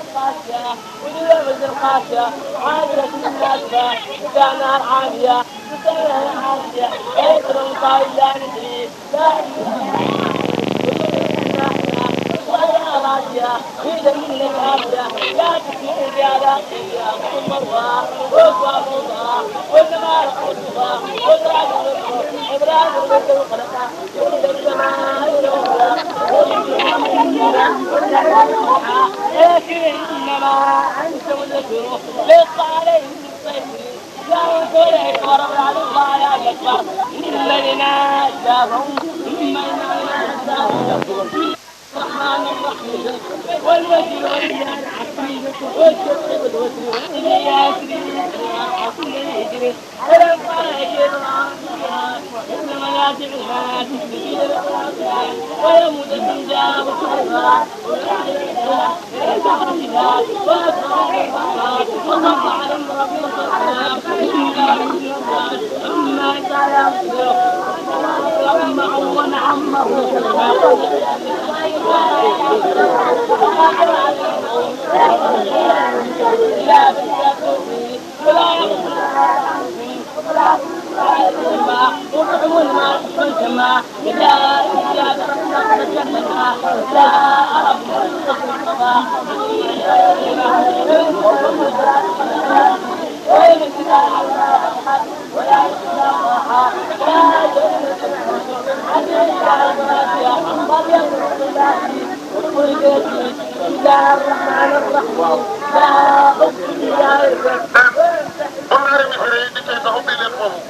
القاسية ودموع القاسية عاملة الناسبة إذا نار عالية تسميها عالية غير القائل لا ندري لا راضية إذا منك عافية لا تسمعوا يا راقية المروى وقوى الرضا والنمار الرضا والراجل الرضا والراجل الرضا والقلقة والدم السماء الأولى لكن إنما أنت مذكر لق عليهم بالطيب دعوت إليك ورب العالمين على الأكبر من الذين أجابهم ثم إننا أنزاهم الرحمن الرحيم والوزير والجنة والشرق والوزير والإلياس به ولم قال أجل إنما ناتي بالحياة تفيد الأخلاق ويموت الزندان وكفرها وصف على ربي أما كان أمه ونعمه ولا يقول يا الرحمن الرحيم لا أقسم يا رب ba naari mi firi di cey taxu mbi leen foofu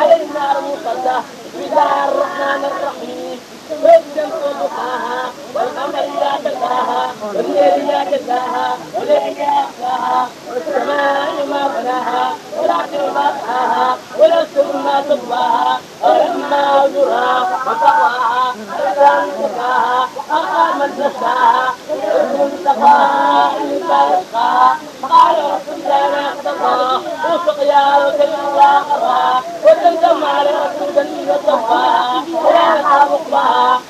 علينا المصلى بدار الرحمن الرحيم ودخاها والقمر إذا تلاها والليل إذا جلاها والليل أخلاها والسماء ما بناها والعصر ما ضحاها والأسر ما تقواها ولما وزرها وتقواها الإنسان تقاها أخا من نفسها والحكم تقواها الإنسان تقاها قال رسول الله ما اقتضى وسقيا وكل الله قضى وتلزم على رسول الله الله ولا خوف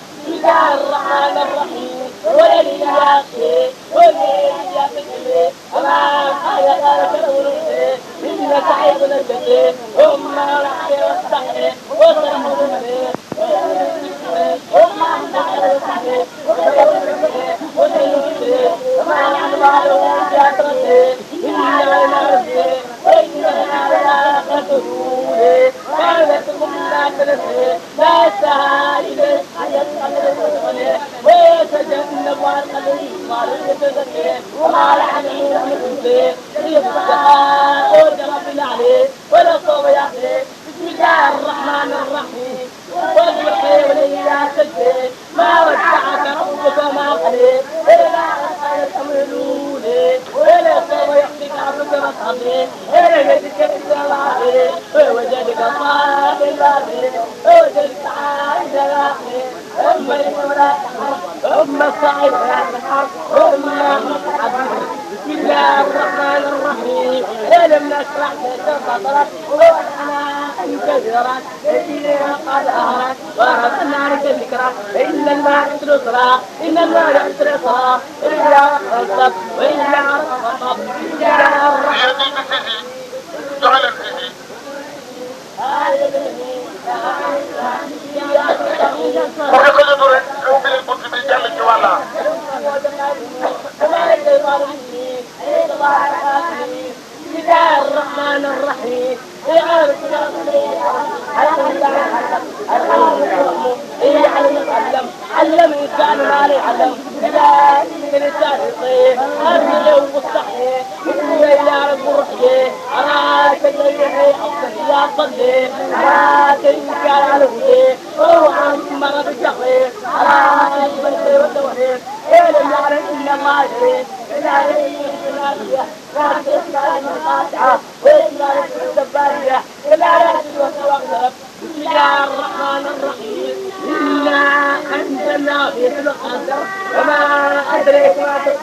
الله يسر الصلاة إن الله يسر الصلاة إلا الصلاة وإلا الصلاة إلا الصلاة جعل الفيه وفي كل دور يوم للمسلمين جل جوالا بسم الله الرحمن الرحيم سلم إنسان على العلم إلى من إنسان يطيب أرمي ومستحي وكل إلى رب روحي أراك اللي أصلي يا صلي أراك إن كان على هدي روح عما رب شغلي أراك بلدي والدوحي إيه لم يعلم إلا ما أدري إلا عليه من الناس لا تسأل من قاطعة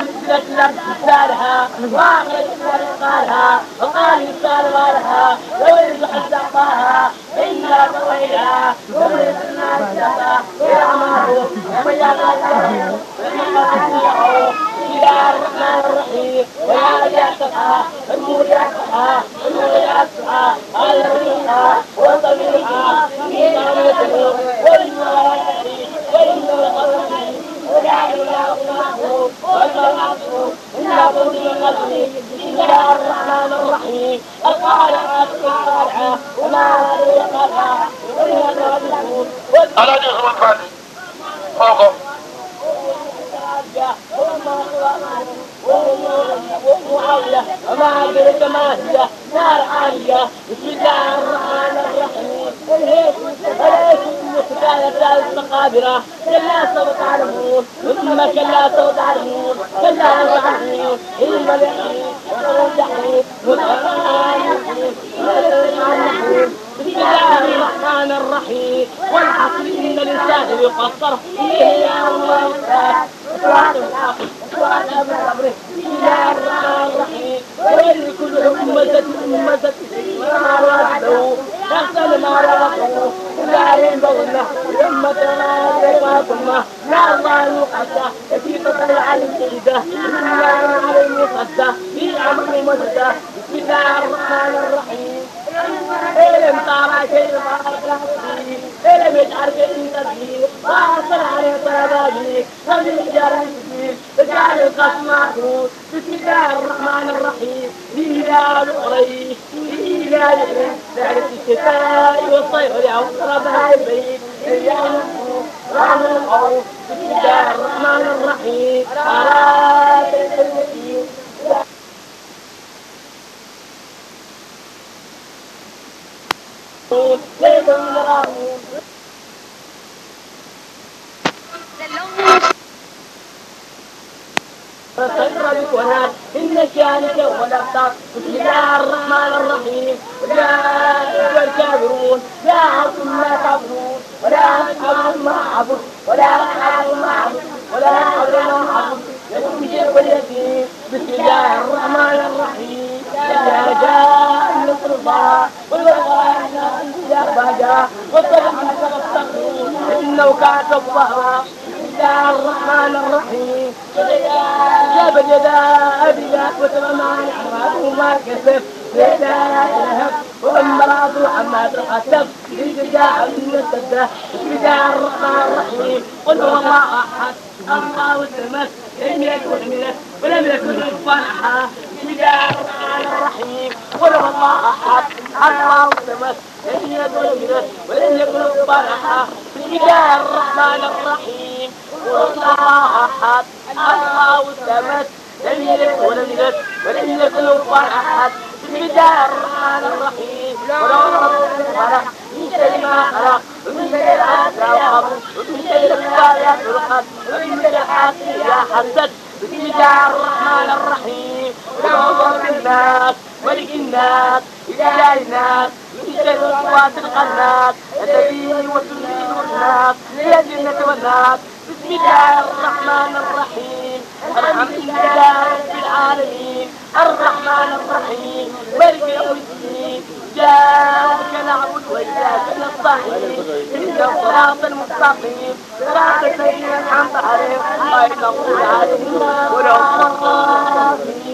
سلسلة لابسالها واخر ورقالها وقال سالوالها لو يرجع سقاها إلا طويلها ومرس الناس لها يا عمارو ويا غزاله ويا غزاله يا الرحمن الرحيم ويا رجعتها المرجعتها المرجعتها على ريحها وطبيعها في نعمته والمرأة Alaaji Usmaan Faal moo ko هي وما وما ومعاوية وما أدرك ما هي نار عالية بسم الله الرحمن الرحيم الهيكم الهيكم وسكان الثالث مقابرة كلا سوف تعلمون ثم كلا سوف تعلمون كلا سوف تعلمون إنما اليقين والرجعين والقرآن الحكيم والقرآن الحكيم الله الرحمن الرحيم والعصر إن الإنسان ليقصر إلا والله وعلى أمره إلا الرحمن الرحيم ويل كل أمة أمة ما رده أحسن ما رده لا ينبغنا أمة لا ينبغنا لا الله قصة في قطر العالم سيدة إلا العالم قصة بالأمر مدة بسم الله الرحمن الرحيم اعلم طابع كيف أدركني اعلم اجعلك إنت فيه وأحسن عليك ربابيك خلي الحجار الجديد اجعل القسم معروف بسم الله الرحمن الرحيم لإله قريش لإله لعنة الشتاء والصيف لعوض ربها البيت ليعلم رحم القوم بسم الله الرحمن الرحيم أراد ولا إن شانك ولا بسم الله الرحمن الرحيم وجاء الكافرون لا عبد ما تعبدون ولا عبد ما عبد ولا عبد ما عبد ولا عبد ما عبد يكون بشر والذين بسم الله الرحمن الرحيم إنه كان توابا يا الرحمن الرحيم يا بجدا أبدا وتمام الحرام وما كسب لا إله وامرأة حماد الحسب بجدا من السدة بجدا الرحمن الرحيم قل هو الله أحد الله الصمد لم يكن منه ولم يكن كفار أحد بدار على الرحيم ولو الله أحد الله الصمد لم يكن له ولم يكن له برحة بدار الرحمن الرحيم ولو الله أحد الله الصمد لم يلد ولم يلد ولم يكن له برحة بدار الرحمن الرحيم ولو ربنا خلق من شر ما خلق ومن شر الأسرار ومن شر الباريات الخط ومن شر حاسد إذا حسد بسم الله الرحمن الرحيم نور الناس ملك الناس إله الناس يجد الأصوات القناص النبي والسنين والناس هي الجنة والناس بسم الله الرحمن الرحيم الحمد لله رب العالمين الرحمن الرحيم ملك يوم الدين إياك نعبد وإياك نستعين اهدنا الصراط المستقيم صراط الذين أنعمت عليهم غير المغضوب عليهم ولا الضالين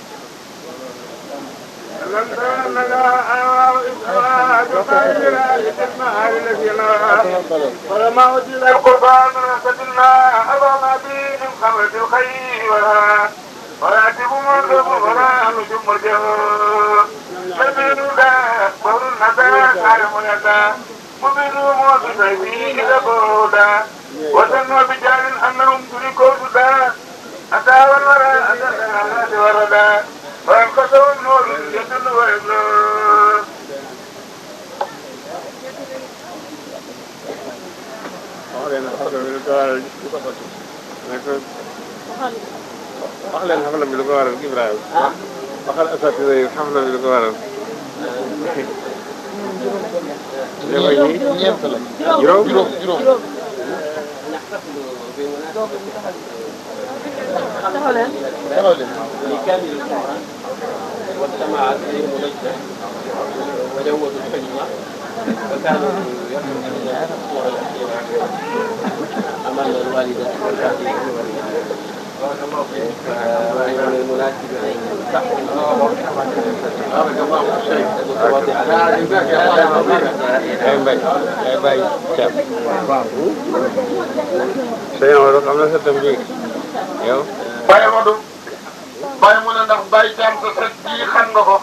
ولما أجل القربان سجلنا أظام به من خمرة الخير وراتب مرغب ولا نجم مرجه يمين لا مهر الندى عالم الندى مبين موقف فيه لبودا وسنوا بجال أنهم تركوا سدا أتى والورى أتى وردا li ko waral li ko sotti. ne ko wax leen xafla bi li ko waral Ibrahima. ah waxal asatira yi xafla bi li ko waral. juróom ñeent la. juróom juróom juróom. taxaw leen. taxaw leen. والسماعة الملجة وجوة الكلمة sëñ Amadou xam na sa tam bii yow. Baye Amadou. Baye mu ne ndax Baye Thiam sa sët bii xam nga ko.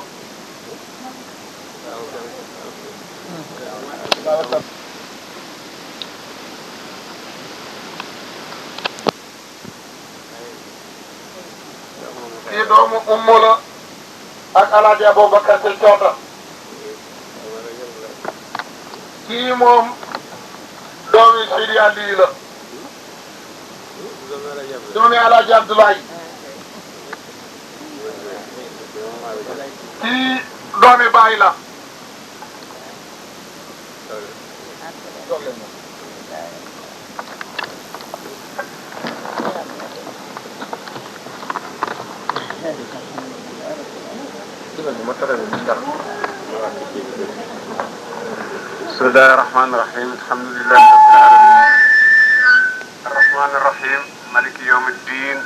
ummu la ak alaaji Aboubacar te coota kii moom doomi Sidi Aliyu la doomi alaaji Abdoulaye kii doomi Baay la mutarami ndax bismillahi rahmani rahim alhamdulillahi rabbil alamin arrahmani arrahim maliki yawmi ddin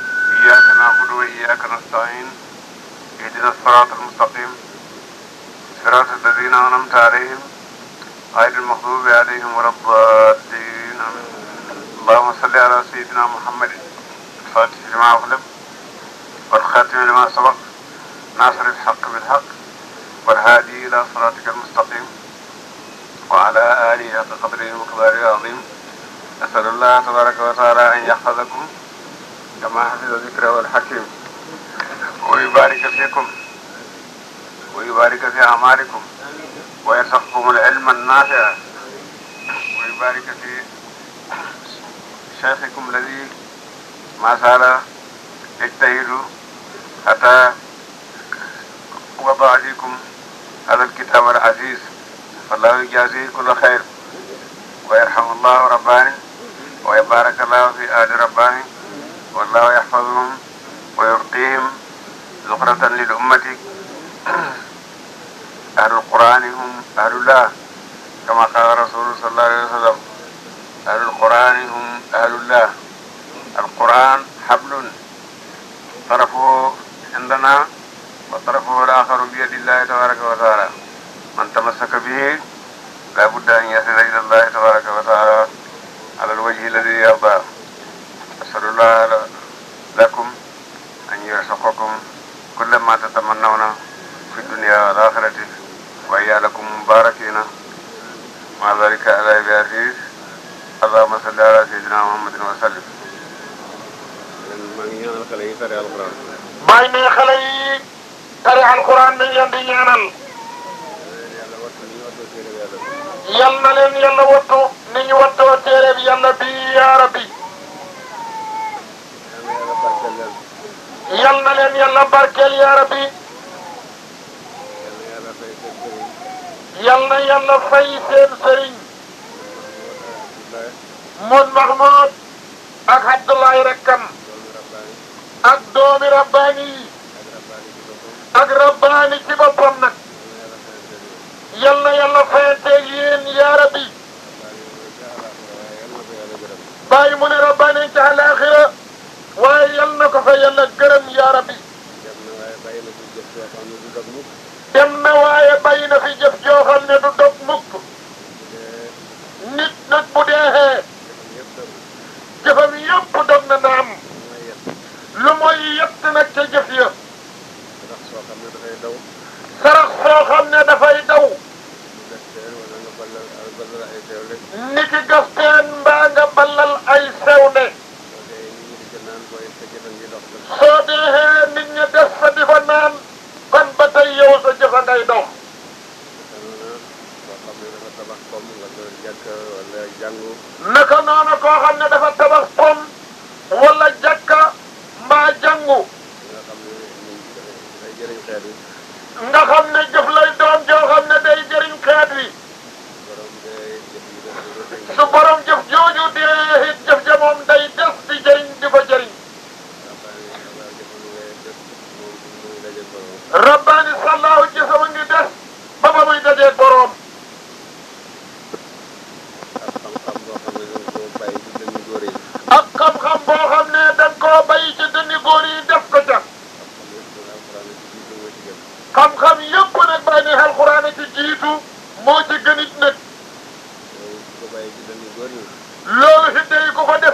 iyyaka na'budu wa iyyaka nasta'in ihdina as-sirata al-mustaqim sirata alladhina an'amta alayhim غير المغضوب عليهم ولا الضالين اللهم صل على سيدنا محمد الفاتح لما أغلب والخاتم لما سبق ناصر الحق بالحق والهادي إلى صراطك المستقيم وعلى آله حق قدره ومقداره العظيم أسأل الله تبارك وتعالى أن يحفظكم كما حفظ ذكره الحكيم ويبارك فيكم ويبارك في أعمالكم ويرزقكم العلم النافع ويبارك في شيخكم الذي ما زال يجتهد حتى وضع فيكم هذا الكتاب العزيز فالله يجازيه كل خير ويرحم الله رباني ويبارك الله في آل رباني والله يحفظهم ويعطيهم زخرة للأمة أهل القرآن هم أهل الله كما قال رسول صلى الله عليه وسلم أهل القرآن هم أهل الله القرآن حبل طرفه عندنا wa tarafahu al-aaxaru bi yadillaahi tabaaraka wa taala man tamassaka bihi laa budda an yasira ilallaahi tabaaraka wa taala alal wajhi alladi yardaa asalullaaha lakum an yarzuqakum kulla maa tatamannawna fi dunyaa wal aaxirati wa yaalakum mubaarakiina maa zaalika alaa bi aziiz allahumma salli alaa sayyidinaa muhammadin wa sallim. maa ngi ñaanal xale yi tare alxuraan. maa ngi ne xale yi. tari alquran bi ngeen di ñaanal. yal na leen yàlla wattu ni ñu wattoo téere bi yàlla rabbi. yal na leen yàlla barkeel yaa rabbi. yal na fay seen sëriñ. Mood Mahmoud ak Abdoulaye Rekkam. ak doomi rabbaani ak rabbaani ci boppam nag yal na yàlla rabbi bàyyi mu ne rabbaani ci àllaaxira waaye yal ko fa yàlla gërëm yaa rabbi dem na waaye bàyyi na fi jëf joo xam ne du dog mukk nit nag bu deexee jëfam yëpp dog na naam lu mooy yett nag ca jëf ya soo xam ne dafay daw. sarax soo xam ne dafay daw. ni ki gas teen mbaa nga ballal ay sew ne. soo deexee nit ñi des fa di fa naan. kon ba tey yow sa jëfa ngay dox. naka noonu koo xam ne dafa tabax pom wala jàkka mbaa jàngu. xeet wi. nga xam ne jëf lay doon joo xam ne day jëriñ xeet wi. su borom jëf jooju di jëf ja moom day des di jëriñ di fa jëriñ. rabbaani sallaahu ci sama ngi des ba ba muy dajee borom. moo ci gën it nag. loolu it day ko fa def.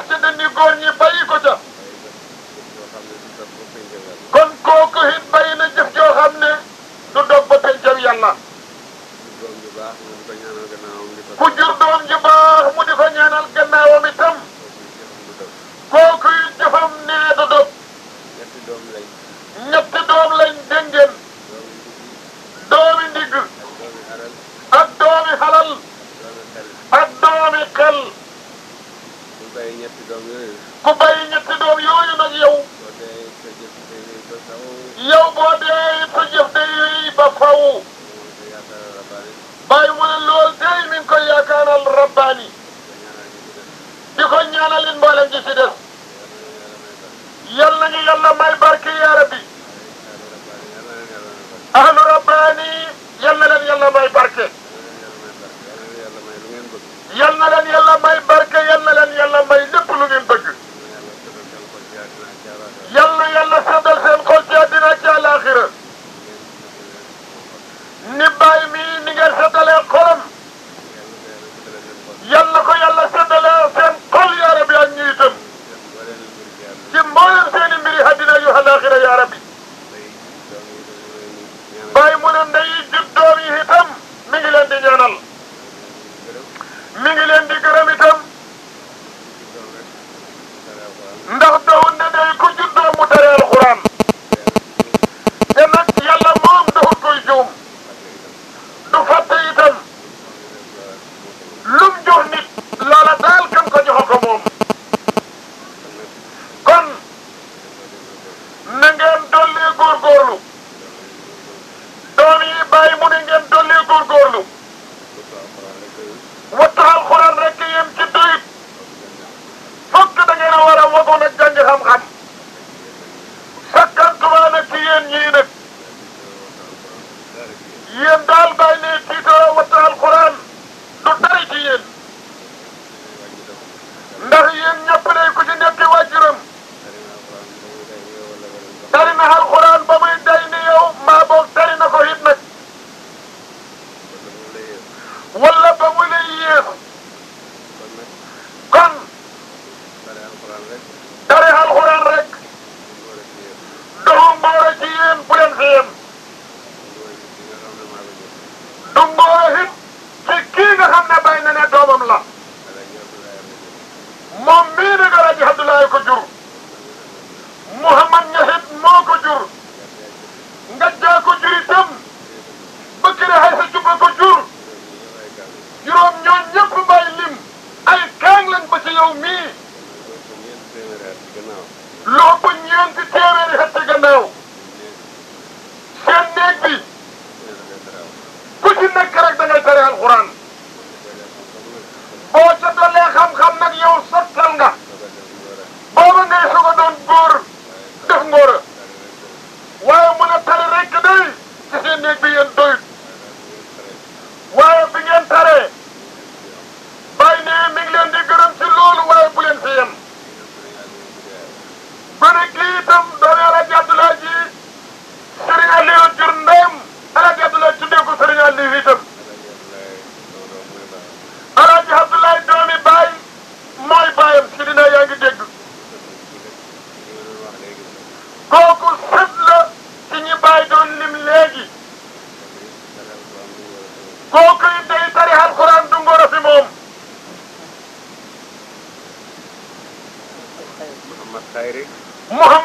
Mouhamed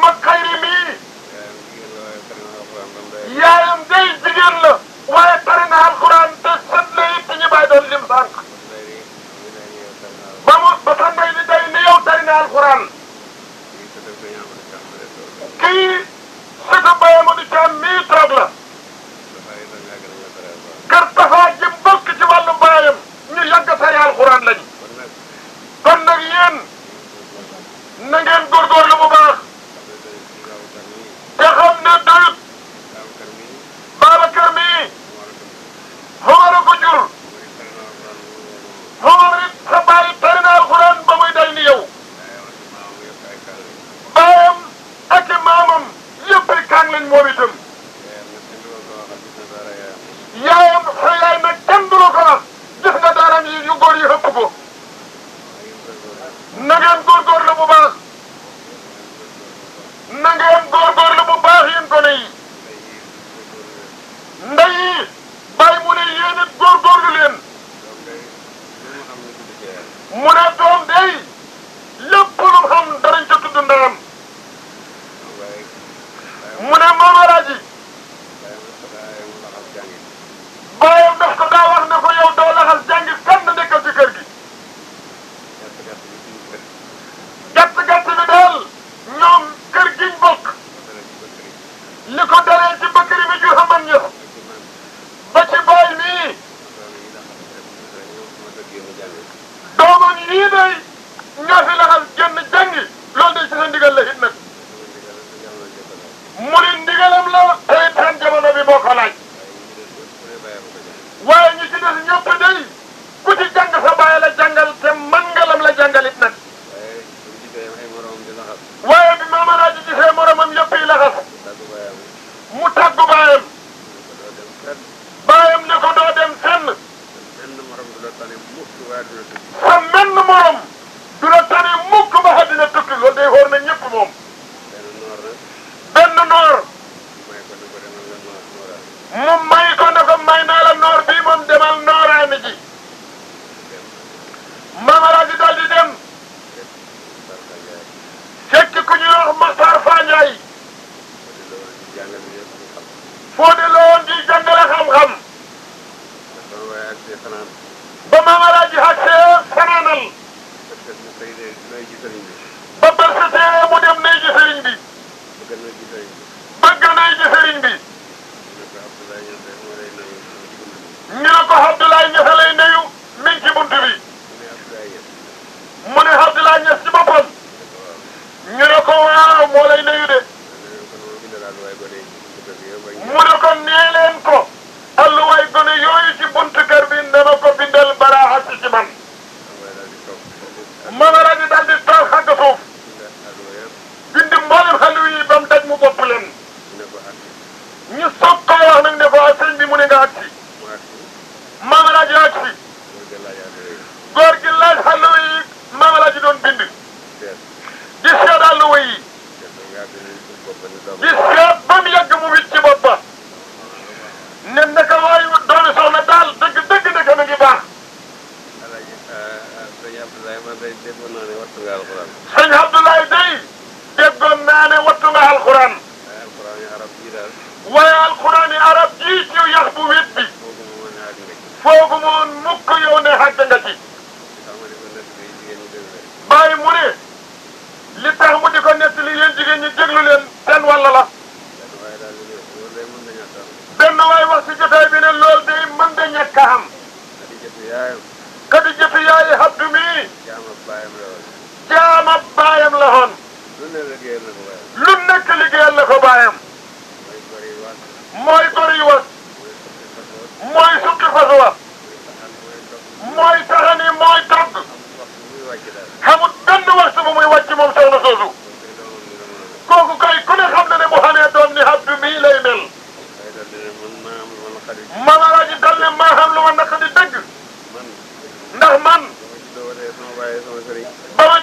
waaye sama sëriñ.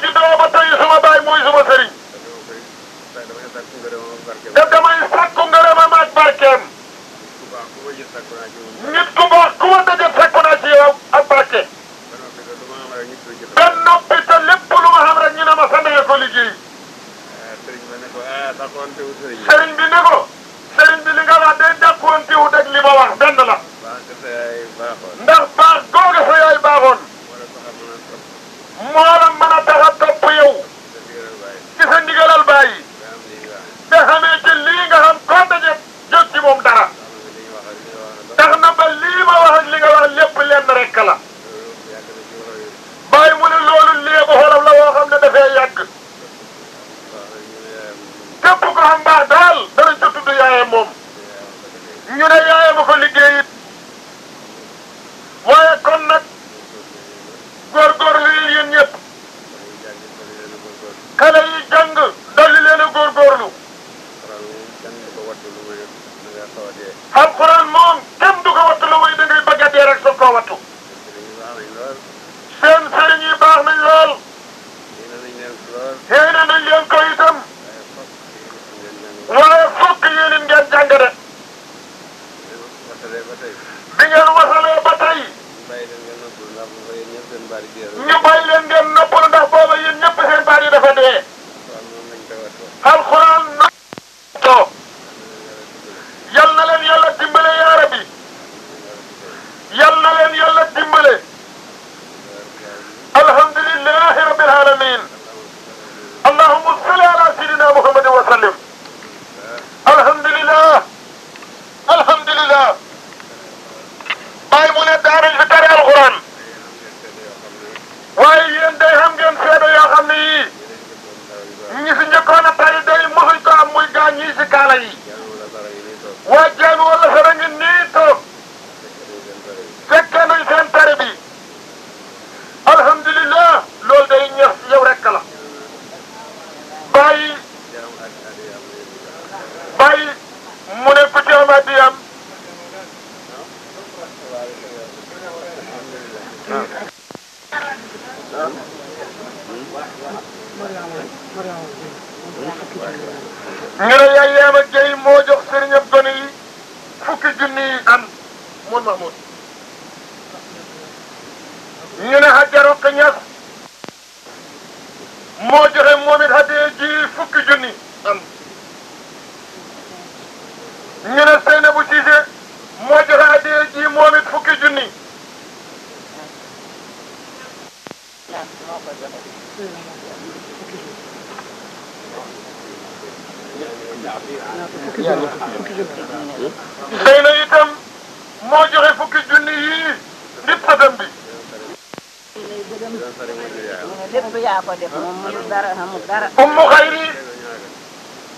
lépp yaa ko def moom mënul dara amul dara. ummu xayri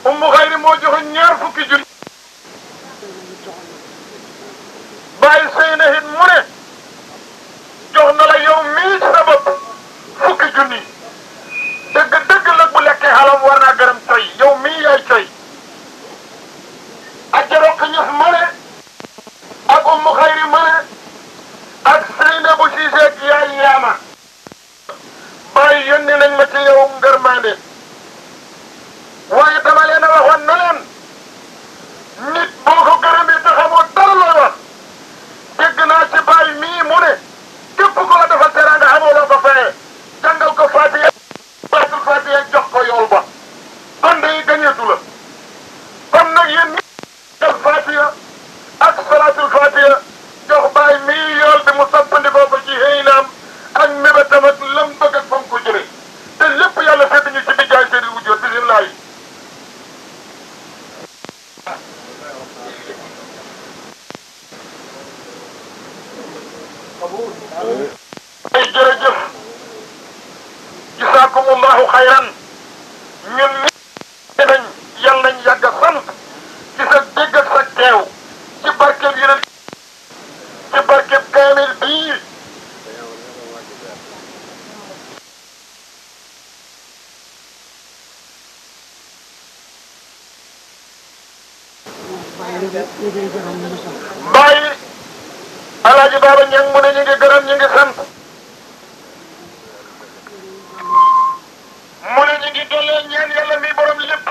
ummu xayri moo jox ñaar fukki junni. bàyyi sëy na it mu ne jox na la yow mii sa bopp fukki junni dëgg dëgg nag bu lekkee xalam war naa gërëm coy yow mii coy. yërmande jazakallahu xayran ñun ñëpp nañ yal nañ yàgg a sant ci sa dégg ak ci barkeb yeneen ci barkeb kaamil bii bàyyi alaaji baaba ñang mu ne ñu ngi gërëm ñu sant ngi dollee ñaan yàlla mi borom lépp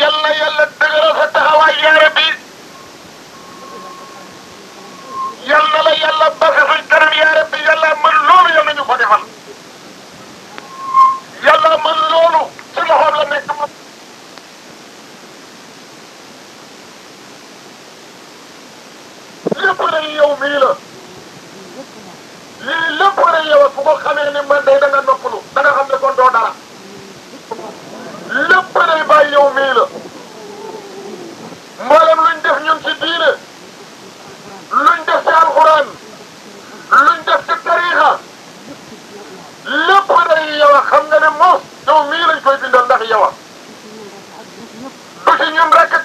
yàlla yàlla dëgëral sa taxawaay yaa rabbi yàlla la yàlla base suñ kanam yaa rabbi yàlla mën loolu yàlla ñu ko defal yàlla mën loolu ci la nekk moom lépp rek yow mii la lii lépp rek yow bu ko xamee ni man day da nga nga xam ne kon doo dara lépp day bàyyi yow mii la mboolem luñ def ñun ci diine luñ ci alxuraan luñ def ci tariixa lépp xam nga ne moos yow mii lañ koy bindal ndax yow a du ci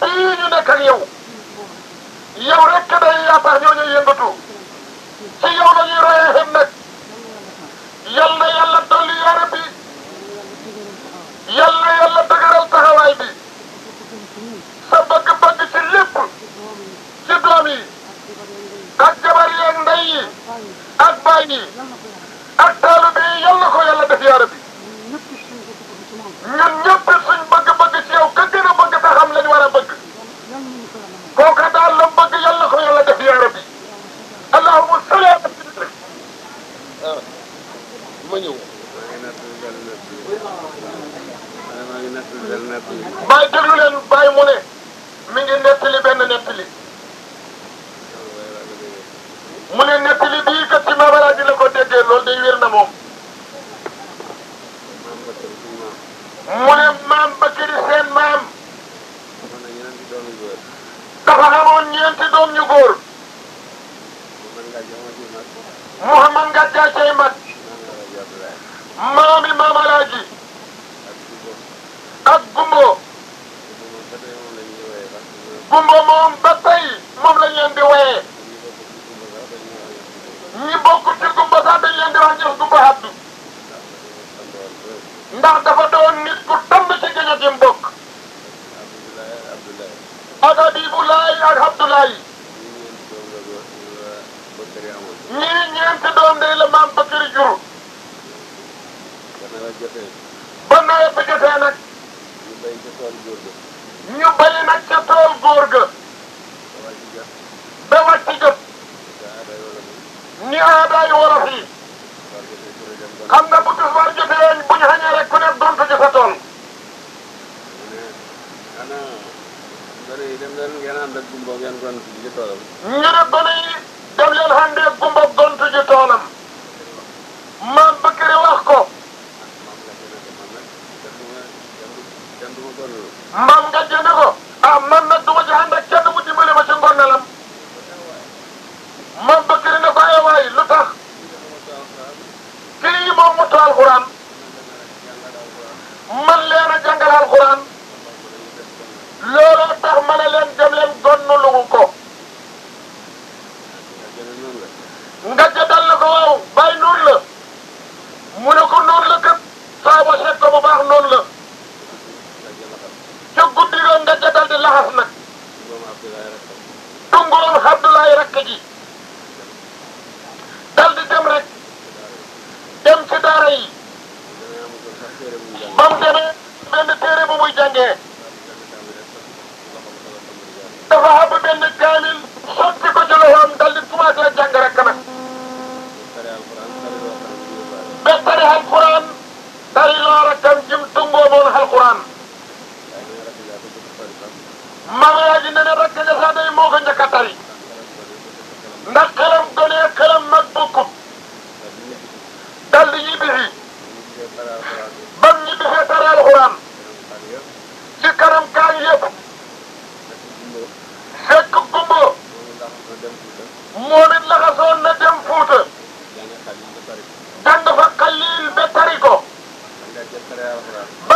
bii ñu nekk ak yow yow rek day yaakaar ñoo ñuy yëngatu ci yow seen gon gi ñu toll. ñu ne ba barke alxuraan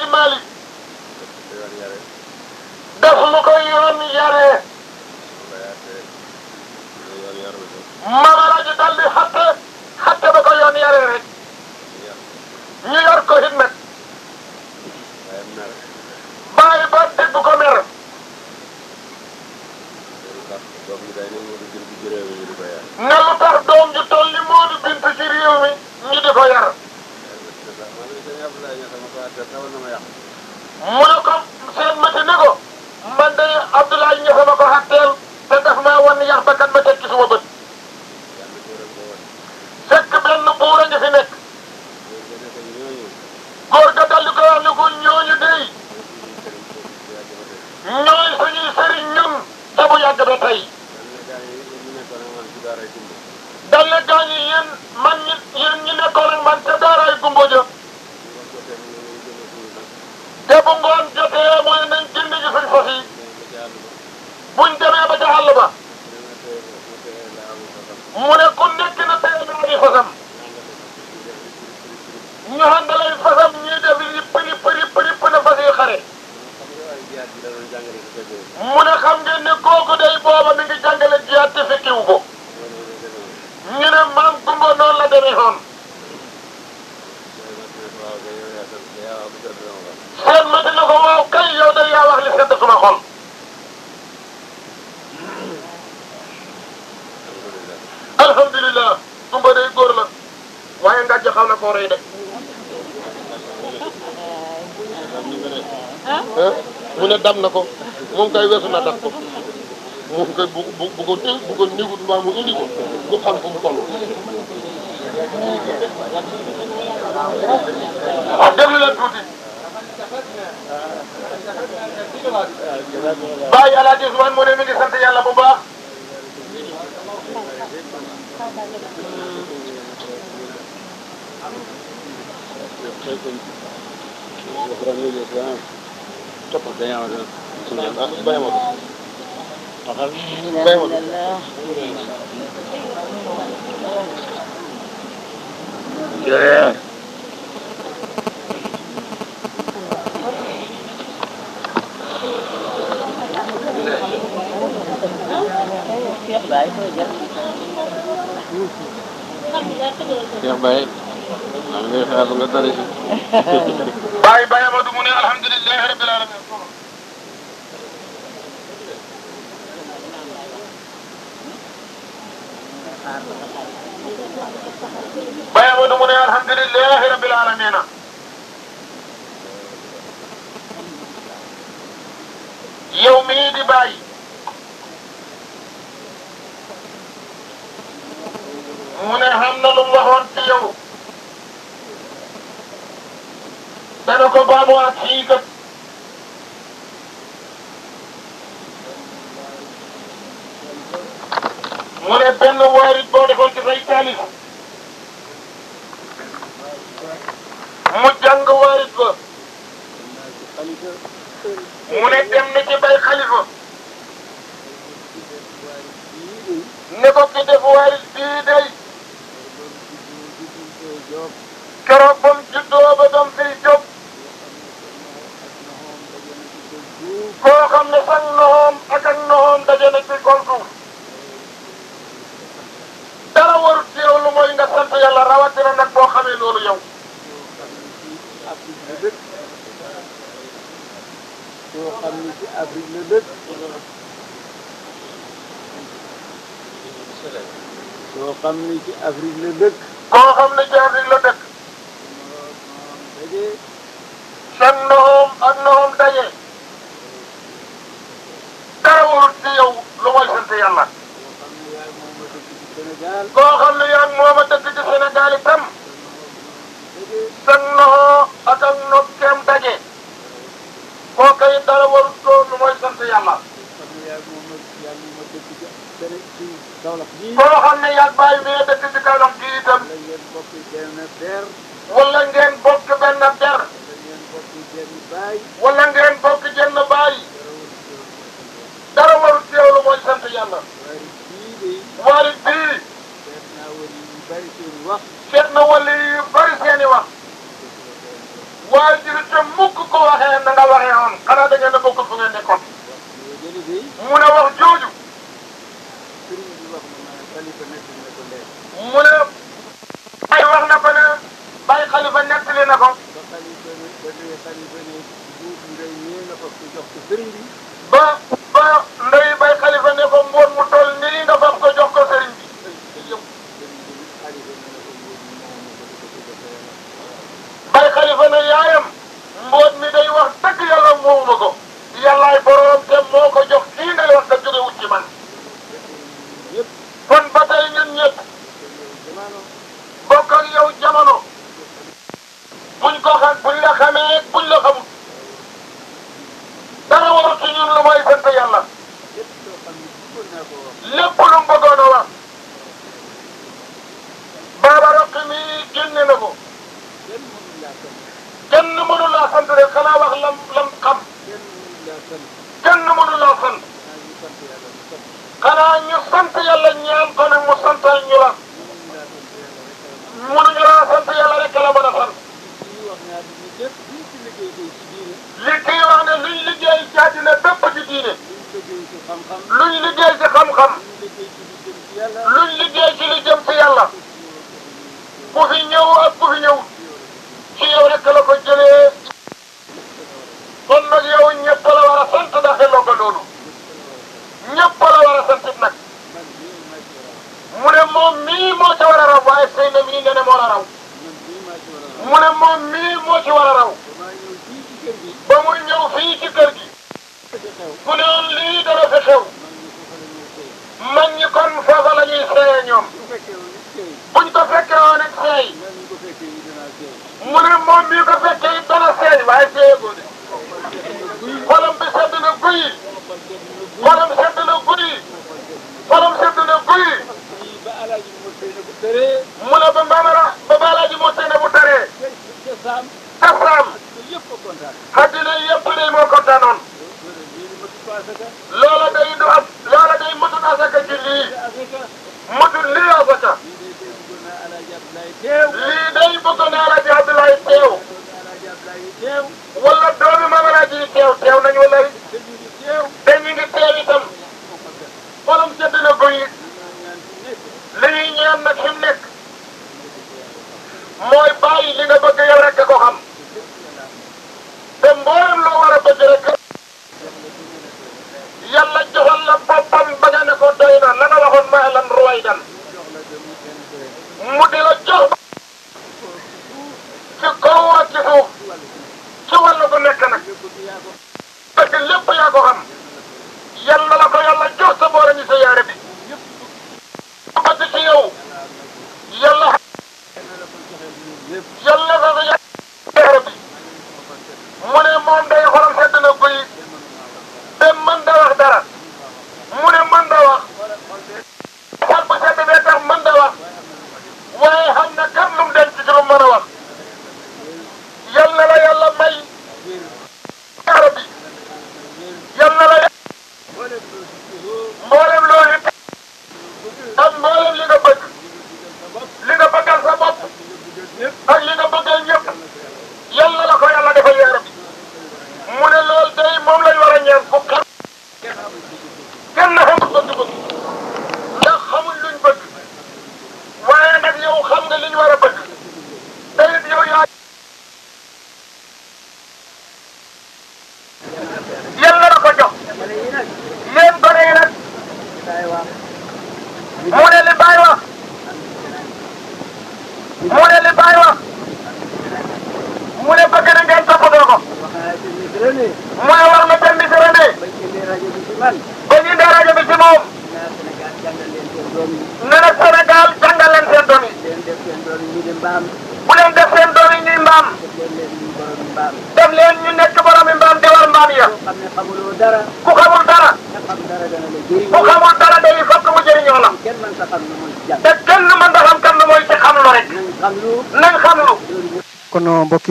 Hadji def lu ko yoon yaree mama la ñu daldi xatte xatte ba ko yoon yaree rek ñu yor ko it nag bàyyi ba dégg ko mer ne lu tax doom ju toll ni Modou Binta ci réew ñu di ko yar mu ne ko seen mati ni ko a de Abdoulaye Niass ma ko xàtteel te daf maa wan yax ba kan bët fekk benn buur a ngi fi ga daldi ko wax ne ko ñooñu dey ñooy suñuy sëriñ ñun te bu yàgg ba tey dal na gaañu yéen man ñi yéen ñi nekkoon ak man te daaraay gumbo ja ko fi buñ demee ba ca àll ba mu ne ku nekk na tey daal fasam ñu àndalee fasam ñuy def li përi përi përi përi fas yu xare. mu ne xam ngeen ne kooku day booba mi ngi jàngale jiyaat te fekkiwu ko. ñu ne maam Gumba noonu la demee woon. xel ma dina ko waaw kay yow day yaa wax li sedd suma xol. alhamdulilah Kumba day góor la waaye nga joxal na koo rey de. mu ne dam na ko moom kay weesu na dam ko moom kay bu bu bu ko bu ko négut mbaa mu indi ko du xam fu mu toll. wax déglu leen tuuti. bàyyi alaaji Ousmane mu ne mi ngi sant yàlla bu baax. Yeah. Baye koy jël. Cheikh Baye. maa ngi lay xaar nga tari si. Baye Baye Amadou mu ne alhamdulilah rabbil alamin. Baye Amadou mu ne xam na lu mu waxoon ko baamuwaat fii kat. mu ne benn waarit boo defoon ci say taalif. mu jàng waarit ba. mu dem na ci xalifa. ne ko ki def waarit bii day. keroog ba mu juddoo ba ak noxoom daje na ci kaw suuf dara warut ci yow mooy nga sant yàlla rawatina nag boo xamee loolu yow. koo xam ne ci koo xam ne jaaril la dëkk san ak noxoom daje dara warut lu may sant yàlla koo xam ne yaa moom a dëkk ci Sénégal itam san noxoo ak ak nokkeem daje koo kay lu may sant yàlla benn ci Kaolack bii. koo xam ne yàgg bàyyi bi nga dëkk ci Kaolack bii itam. wala ngeen bokk benn der. wala ngeen bokk benn der. wala ngeen bokk jenn baay. wala ngeen bokk jenn baay. dara warul teewlu mooy sant yàlla. waarit bii de. waarit bii. seet naa wali yu bari seen i wax. seet na wali yu bari seen i wax. waaye jërëjëf te mukk ko waxee na nga waxee noonu. xanaa da ngeen a bokk fu ngeen nekkoon. mu ne wax jooju. mu ne. Baye wax na ko ne Baye Khalifa nettali na ko. ba ba ndey Baye Khalifa ne ko mboon mu toll nii nga fam ko jox ko sëriñ bi. Baye Khalifa ne yaayam mboon mi day wax dëgg yàlla moomuma ko yàllaay boroom te moo ko jox kii ngay wax da jóge wut ci man. buñ ko xam buñ la xamee buñ la xamul dara waru ci ñun lu may sant yàlla lépp lu mu bëggoon a wax baaba roq mi génne na ko kenn mënu laa sant rek xanaa wax lam lam xam kenn mënu ñu sant mu santal ñu la mënuñu laa sant yàlla rek la mën a sant li kii wax ne luñ liggéey ci àddina bépp ci diine. luñ liggéey ci xam-xam. luñ liggéey ci li jëm ci yàlla. ku fi ñëw ak ku fi ñëw. ci yow rek la ko jëlee.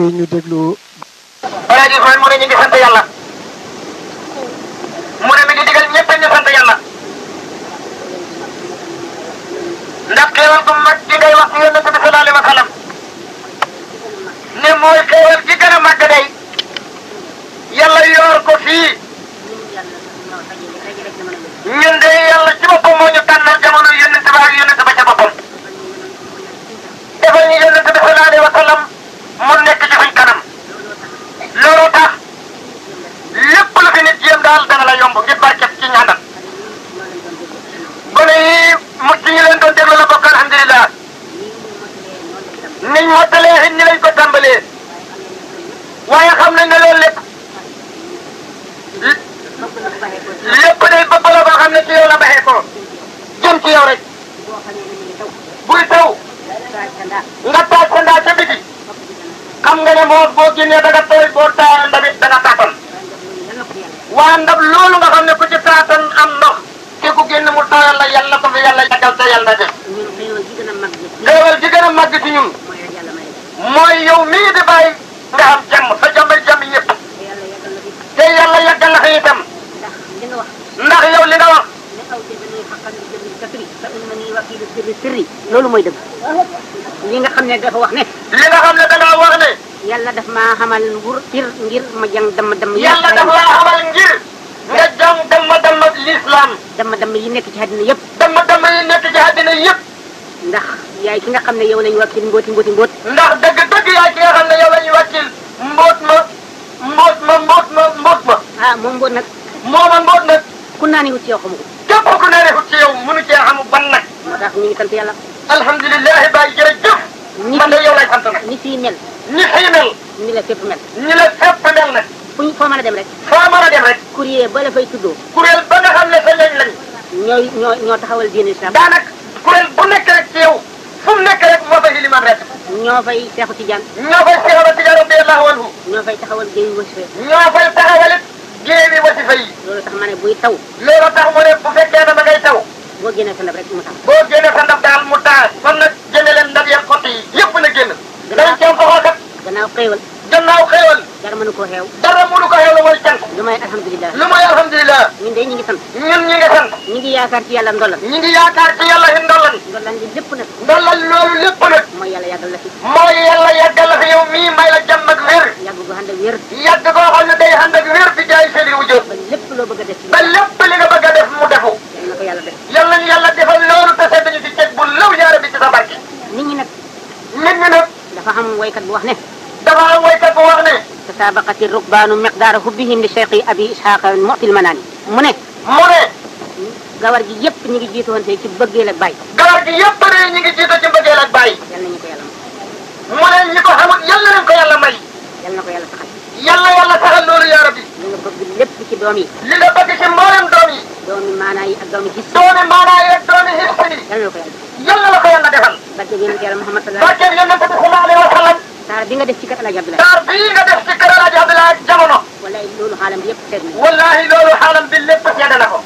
mbokk yi ñu déglu. wala di xool mu ne ñu ngi sant mu ne mi ngi digal ñëpp ñu sant yàlla. ndax xéewal bu mag bi ngay wax yonent bi loolu mooy dëgg li nga xam ne dafa wax ne li nga xam ne danaa wax ne yàlla daf maa xamal wur ngir ngir ma jàng dama dama yàlla daf maa xamal ngir nga jàng dama dama lislaam dama dama yi nekk ci àddina yëpp dama dama yi nekk ci àddina yëpp ndax yaay ki nga xam ne yow lañu wàccil mbooti mbooti mboot ndax dëgg dëgg yaay ki nga xam ne yow lañu wàccil mboot ma mboot ma mboot ma mboot ma ah moom mboot nag mooma mboot nag ku naa ni wut ci yow xamu ko képp ku naa ni wut ci yow mënu cee xamu ban nag moo tax ñu ngi sant yàlla alhamdulilah Baye jërëjëf. man de yow laay sant nag. ñi fii mel. ñi fii mel. ñi la fépp mel. ñi la fépp mel nag. fu ñu foo mën a dem rek. foo mën a dem rek. kuréel ba la fay tuddoo. kuréel ba nga xam ne sa ñooñ lañ. ñooy ñoo ñoo taxawal diine islam. daanaka kuréel bu nekk rek ci yow fu mu nekk rek moo fay limaam rek. ñoo fay Seexu Tijaan. ñoo fay Seexu Tijaan radiyallaahu anhu. ñoo fay taxawal géewi wasifa yi. ñoo fay taxawal it géewi wasifa yi. loolu tax ma ne buy taw. loolu tax mu ne bu fekkee ne ma ngay taw. boo génnee sa ndab rek mu taal. boo génnee sa ndab daal mu taal. kon nag génne leen ndab yeeg xott yi yëpp na génn. danañ cee soxla kat. gannaaw xéewal. gannaaw xéewal. dara mënu ko xeew. dara mënu ko xeew la mooy sant. lu may alhamdulilah. lu may alhamdulilah. ñun de ñu ngi sant. ñun ñu ngi sant. ñu ngi yaakaar ci yàlla ndolan. ñu ngi yaakaar ci yàlla ci ndolan. ndolan li lépp nag. ndolan loolu lépp nag. mooy yàlla yàggal la fi. mooy yàlla yàggal la fi yow mii may la jàmm ak wér. yàgg ko ànd ak wér. yàgg koo xam ne day ànd ak wér di jaay seen i wujur. ba lépp loo bëgg a def. ba lépp li nga yàlla def. yàlla ñu yàlla defal loolu te seet nañu si ceeb bu law yaara bi ci sa barke. nit ñi nag. nit dafa am woykat bu wax ne. dafa a woykat bu wax ne. tasaabaqati rukbaanu miqdaara hubbihim li cheikhi abi ishaqa mu'til manaani mu ne. mu ne. gawar gi yëpp ñu ngi jiitoonte ci bëggeel ak gawar gi yëpp de ñu ngi jiito ci bëggeel ak bàyyi. yal nañu ko yàlla may. mu ne ñi ko xamul yal nañu ko yàlla may. yal na ko yàlla saxal. yal na yàlla saxal loolu yaara bi. doomi maanaa yi ak doomi gis. doomi maanaa yi ak doomi gis yi. yal na ko yàlla defal. yal na ko yàlla defal. barke bi yonent yàlla Muhammad sallallahu alayhi wa sallam. barke bi yonent bi sallallahu alayhi wa sallam. taar bi nga def ci kër El Hadj Abdoulaye. taar bi nga def ci kër El Hadj Abdoulaye jamono. wallaahi loolu xaalam bi yëpp seet na. wallaahi loolu xaalam bi lépp seet na ko.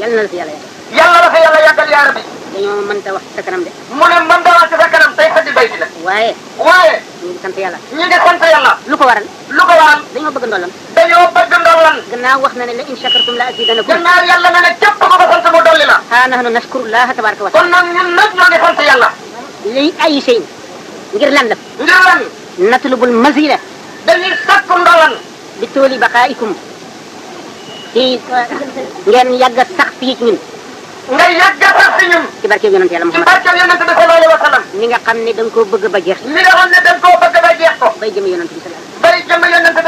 yal na la fi yàlla yàggal. yal na la fi yàlla yàggal yaa rabbi. dañoo mënta wax ci sa kanam de. mu ne mënta wax ci sa kanam tey xaj bay bi la. waaye. waaye. ñu ngi sant yàlla. ñu ngi sant yàlla. lu ko waral. lu ko waral. dañoo bëgg ndolam. wax na ne la in shakartum la azidanakum gannaaw yàlla na ne képp ko ko sant mu dolli la ha nahnu nashkurullaha tabaraka wa kon nag ñun nag ñoo li ay seen ngir lan la ngir lan natlubul mazida dañuy sakku ndolan bi tooli baqaikum ci ngeen yàgg a sax fii ci ñun nga yàgg a sax ci ñun ci barkeb yonente yàlla Muhammad ci barkeb yonente bi sallallahu alayhi wa sallam mi nga xam ne da nga koo bëgg ba jeex mi nga xam ne da nga ba jeex ko bay jëm yonente bi sallallahu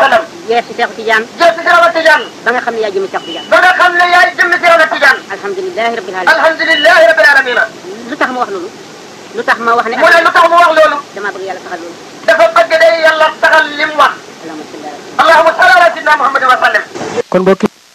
bay jëm yees ci Seexu Tijaan yees ci Seexu Tijaan ba nga xam ne yaay jëmmi Seexu Tijaan ba nga xam ne yaay jëmmi Seexu Tijaan alhamdulilahi rabbil alamin alhamdulilahi rabbil alamin lu tax ma wax loolu lu tax ma wax ne mu ne lu tax ma wax loolu damaa bëgg yàlla taxal loolu dafa bëgg day yàlla taxal li mu wax allahumma salli ala sayyidina muhammadin wa sallam kon mbokk